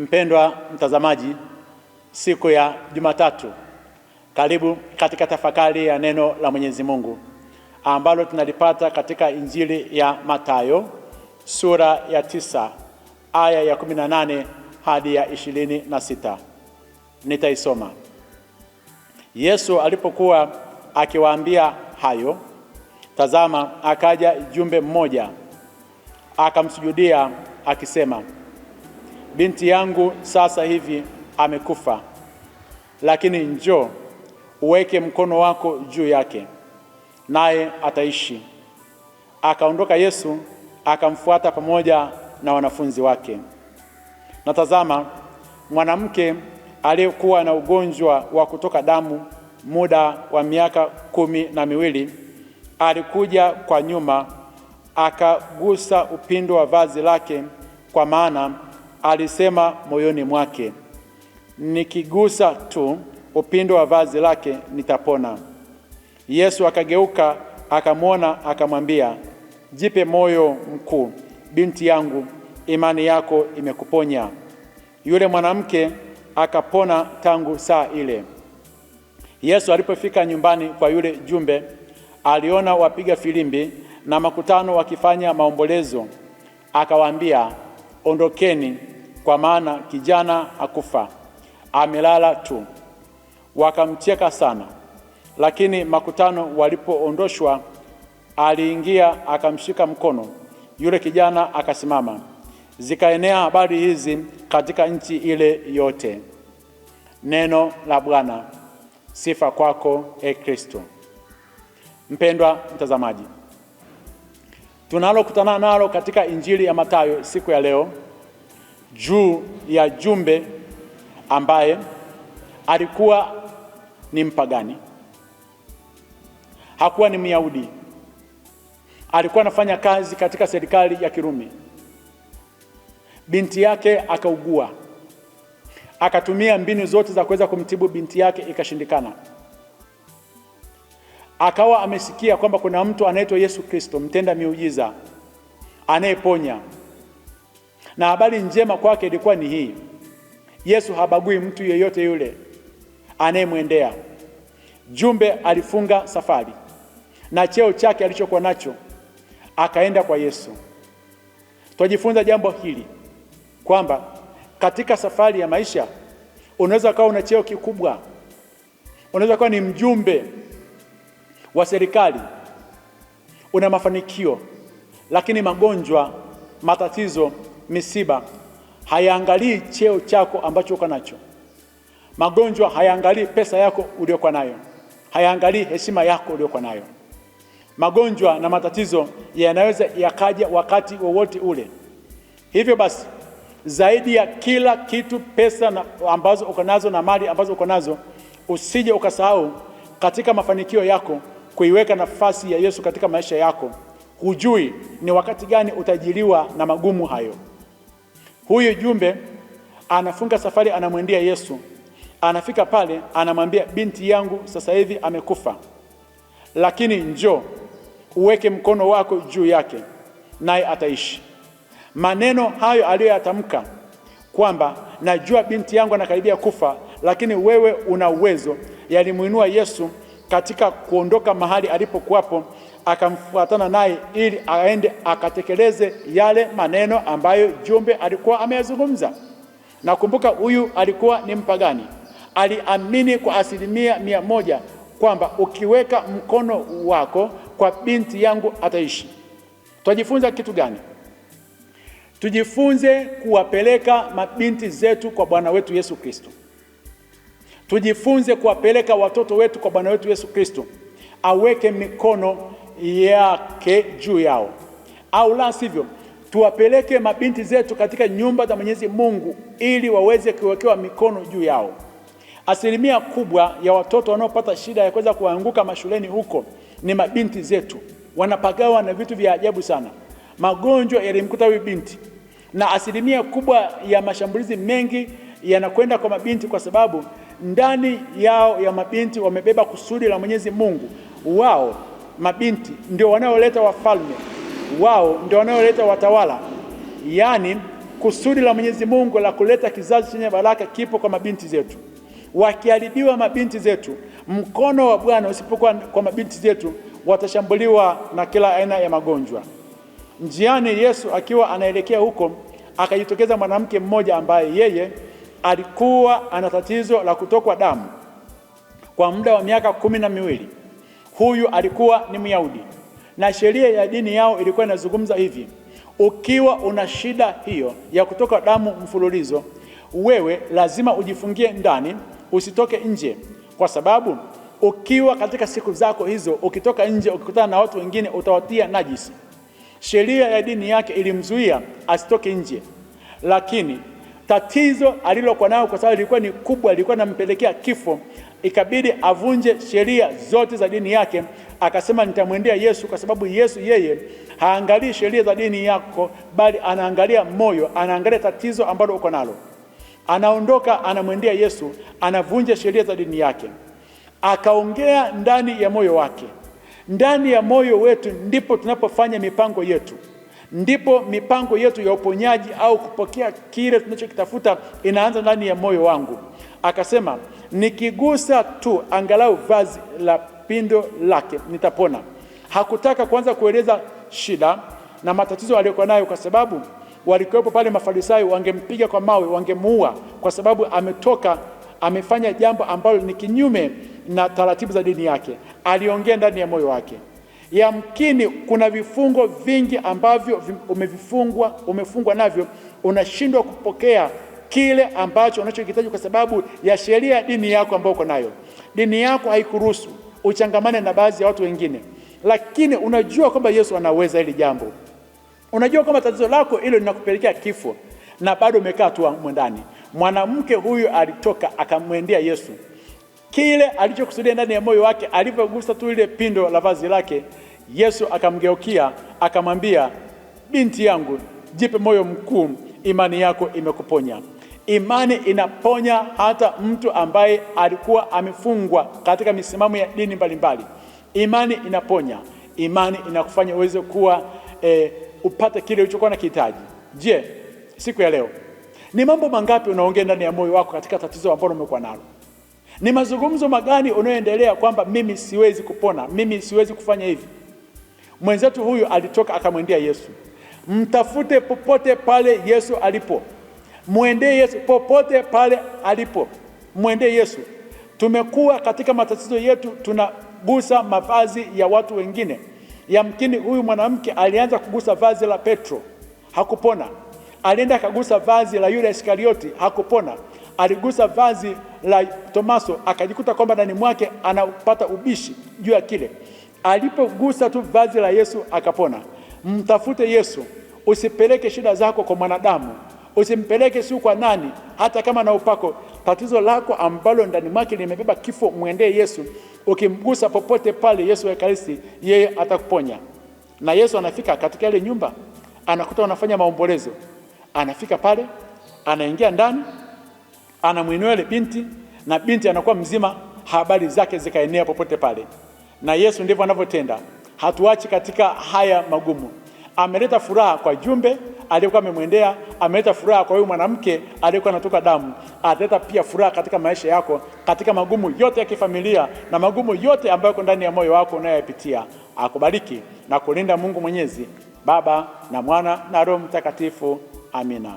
Mpendwa mtazamaji, siku ya Jumatatu, karibu katika tafakari ya neno la Mwenyezi Mungu ambalo tunalipata katika Injili ya Mathayo sura ya tisa aya ya 18 hadi ya ishirini na sita. Nitaisoma. Yesu alipokuwa akiwaambia hayo, tazama, akaja jumbe mmoja akamsujudia akisema binti yangu sasa hivi amekufa, lakini njoo uweke mkono wako juu yake, naye ataishi. Akaondoka Yesu akamfuata pamoja na wanafunzi wake. Na tazama, mwanamke aliyekuwa na ugonjwa wa kutoka damu muda wa miaka kumi na miwili alikuja kwa nyuma, akagusa upindo wa vazi lake, kwa maana alisema moyoni mwake, nikigusa tu upindo wa vazi lake nitapona. Yesu akageuka akamwona, akamwambia, jipe moyo mkuu, binti yangu, imani yako imekuponya. Yule mwanamke akapona tangu saa ile. Yesu alipofika nyumbani kwa yule jumbe, aliona wapiga filimbi na makutano wakifanya maombolezo, akawaambia ondokeni, kwa maana kijana akufa amelala tu. Wakamcheka sana. Lakini makutano walipoondoshwa, aliingia akamshika mkono yule kijana akasimama. Zikaenea habari hizi katika nchi ile yote. Neno la Bwana. Sifa kwako e Kristo. Mpendwa mtazamaji, tunalokutana nalo katika injili ya Mathayo siku ya leo juu ya Jumbe ambaye alikuwa ni mpagani, hakuwa ni Myahudi, alikuwa anafanya kazi katika serikali ya Kirumi. Binti yake akaugua, akatumia mbinu zote za kuweza kumtibu binti yake, ikashindikana. Akawa amesikia kwamba kuna mtu anaitwa Yesu Kristo, mtenda miujiza, anayeponya na habari njema kwake ilikuwa ni hii: Yesu habagui mtu yeyote yule anayemwendea. Jumbe alifunga safari na cheo chake alichokuwa nacho, akaenda kwa Yesu. Twajifunza jambo hili kwamba katika safari ya maisha unaweza ukawa una cheo kikubwa, unaweza ukawa ni mjumbe wa serikali, una mafanikio, lakini magonjwa, matatizo misiba hayaangalii cheo chako ambacho uko nacho. Magonjwa hayaangalii pesa yako uliokuwa nayo, hayaangalii heshima yako uliokuwa nayo. Magonjwa na matatizo yanaweza yakaja wakati wowote ule. Hivyo basi, zaidi ya kila kitu, pesa na ambazo uko nazo na mali ambazo uko nazo, usije ukasahau katika mafanikio yako kuiweka nafasi ya Yesu katika maisha yako. Hujui ni wakati gani utajiliwa na magumu hayo. Huyu jumbe anafunga safari, anamwendea Yesu. Anafika pale, anamwambia binti yangu sasa hivi amekufa, lakini njoo uweke mkono wako juu yake, naye ataishi. Maneno hayo aliyoyatamka kwamba najua binti yangu anakaribia kufa, lakini wewe una uwezo, yalimwinua Yesu katika kuondoka mahali alipokuwapo akamfuatana naye ili aende akatekeleze yale maneno ambayo Jumbe alikuwa ameyazungumza. Nakumbuka huyu alikuwa ni mpagani, aliamini kwa asilimia mia moja kwamba ukiweka mkono wako kwa binti yangu ataishi. Twajifunza kitu gani? Tujifunze kuwapeleka mabinti zetu kwa Bwana wetu Yesu Kristo. Tujifunze kuwapeleka watoto wetu kwa Bwana wetu Yesu Kristo aweke mikono yake juu yao, au la sivyo tuwapeleke mabinti zetu katika nyumba za Mwenyezi Mungu ili waweze kuwekewa mikono juu yao. Asilimia kubwa ya watoto wanaopata shida ya kuweza kuanguka mashuleni huko ni mabinti zetu, wanapagawa na vitu vya ajabu sana. Magonjwa yalimkuta huyu binti, na asilimia kubwa ya mashambulizi mengi yanakwenda kwa mabinti, kwa sababu ndani yao ya mabinti wamebeba kusudi la Mwenyezi Mungu wao mabinti ndio wanaoleta wafalme wao, ndio wanaoleta watawala. Yaani kusudi la Mwenyezi Mungu la kuleta kizazi chenye baraka kipo kwa mabinti zetu. Wakiharibiwa mabinti zetu, mkono wa Bwana usipokuwa kwa mabinti zetu, watashambuliwa na kila aina ya magonjwa. Njiani Yesu akiwa anaelekea huko, akajitokeza mwanamke mmoja ambaye yeye alikuwa ana tatizo la kutokwa damu kwa muda wa miaka kumi na miwili. Huyu alikuwa ni Myahudi na sheria ya dini yao ilikuwa inazungumza hivi: ukiwa una shida hiyo ya kutoka damu mfululizo, wewe lazima ujifungie ndani, usitoke nje, kwa sababu ukiwa katika siku zako hizo, ukitoka nje, ukikutana na watu wengine, utawatia najisi. Sheria ya dini yake ilimzuia asitoke nje, lakini tatizo alilokuwa nayo kwa sababu ilikuwa ni kubwa, ilikuwa inampelekea kifo ikabidi avunje sheria zote za dini yake, akasema nitamwendea Yesu kwa sababu Yesu yeye haangalii sheria za dini yako, bali anaangalia moyo, anaangalia tatizo ambalo uko nalo. Anaondoka, anamwendea Yesu, anavunja sheria za dini yake, akaongea ndani ya moyo wake. Ndani ya moyo wetu ndipo tunapofanya mipango yetu ndipo mipango yetu ya uponyaji au kupokea kile tunachokitafuta inaanza ndani ya moyo wangu. Akasema, nikigusa tu angalau vazi la pindo lake nitapona. Hakutaka kwanza kueleza shida na matatizo aliyokuwa nayo, kwa sababu walikuwepo pale Mafarisayo, wangempiga kwa mawe, wangemuua kwa sababu ametoka amefanya jambo ambalo ni kinyume na taratibu za dini yake. Aliongea ndani ya moyo wake. Yamkini kuna vifungo vingi ambavyo umevifungwa, umefungwa navyo, unashindwa kupokea kile ambacho unachokihitaji kwa sababu ya sheria ya dini yako ambayo uko nayo. Dini yako haikuruhusu uchangamane na baadhi ya watu wengine, lakini unajua kwamba Yesu anaweza hili jambo. Unajua kwamba tatizo lako hilo linakupelekea kifo, na bado umekaa tu ndani Mwanamke huyu alitoka akamwendea Yesu kile alichokusudia ndani ya moyo wake. Alivyogusa tu ile pindo la vazi lake, Yesu akamgeukia akamwambia, binti yangu, jipe moyo mkuu, imani yako imekuponya. Imani inaponya hata mtu ambaye alikuwa amefungwa katika misimamo ya dini mbalimbali. Imani inaponya, imani inakufanya uweze kuwa e, upate kile ulichokuwa na kihitaji. Je, siku ya leo ni mambo mangapi unaongea ndani ya moyo wako katika tatizo ambalo umekuwa nalo? Ni mazungumzo magani unayoendelea kwamba mimi siwezi kupona, mimi siwezi kufanya hivi? Mwenzetu huyu alitoka akamwendea Yesu. Mtafute popote pale Yesu alipo, mwendee Yesu popote pale alipo, mwendee Yesu. Tumekuwa katika matatizo yetu, tunagusa mavazi ya watu wengine. Yamkini huyu mwanamke alianza kugusa vazi la Petro, hakupona. Alienda akagusa vazi la yule Iskarioti, hakupona aligusa vazi la Tomaso akajikuta kwamba ndani mwake anapata ubishi juu ya kile. Alipogusa tu vazi la Yesu akapona. Mtafute Yesu, usipeleke shida zako kwa mwanadamu, usimpeleke si kwa nani, hata kama na upako tatizo lako ambalo ndani mwake limebeba kifo, mwendee Yesu. Ukimgusa popote pale Yesu wa Ekaristi, yeye atakuponya. Na Yesu anafika katika ile nyumba, anakuta wanafanya maombolezo, anafika pale, anaingia ndani anamwinua yule binti na binti anakuwa mzima, habari zake zikaenea popote pale. Na Yesu ndivyo anavyotenda, hatuachi katika haya magumu. Ameleta furaha kwa jumbe aliyekuwa amemwendea, ameleta furaha kwa huyu mwanamke aliyekuwa anatoka damu, ataleta pia furaha katika maisha yako, katika magumu yote ya kifamilia na magumu yote ambayo yako ndani ya moyo wako unayoyapitia. Akubariki na kulinda Mungu Mwenyezi, Baba na Mwana na Roho Mtakatifu. Amina.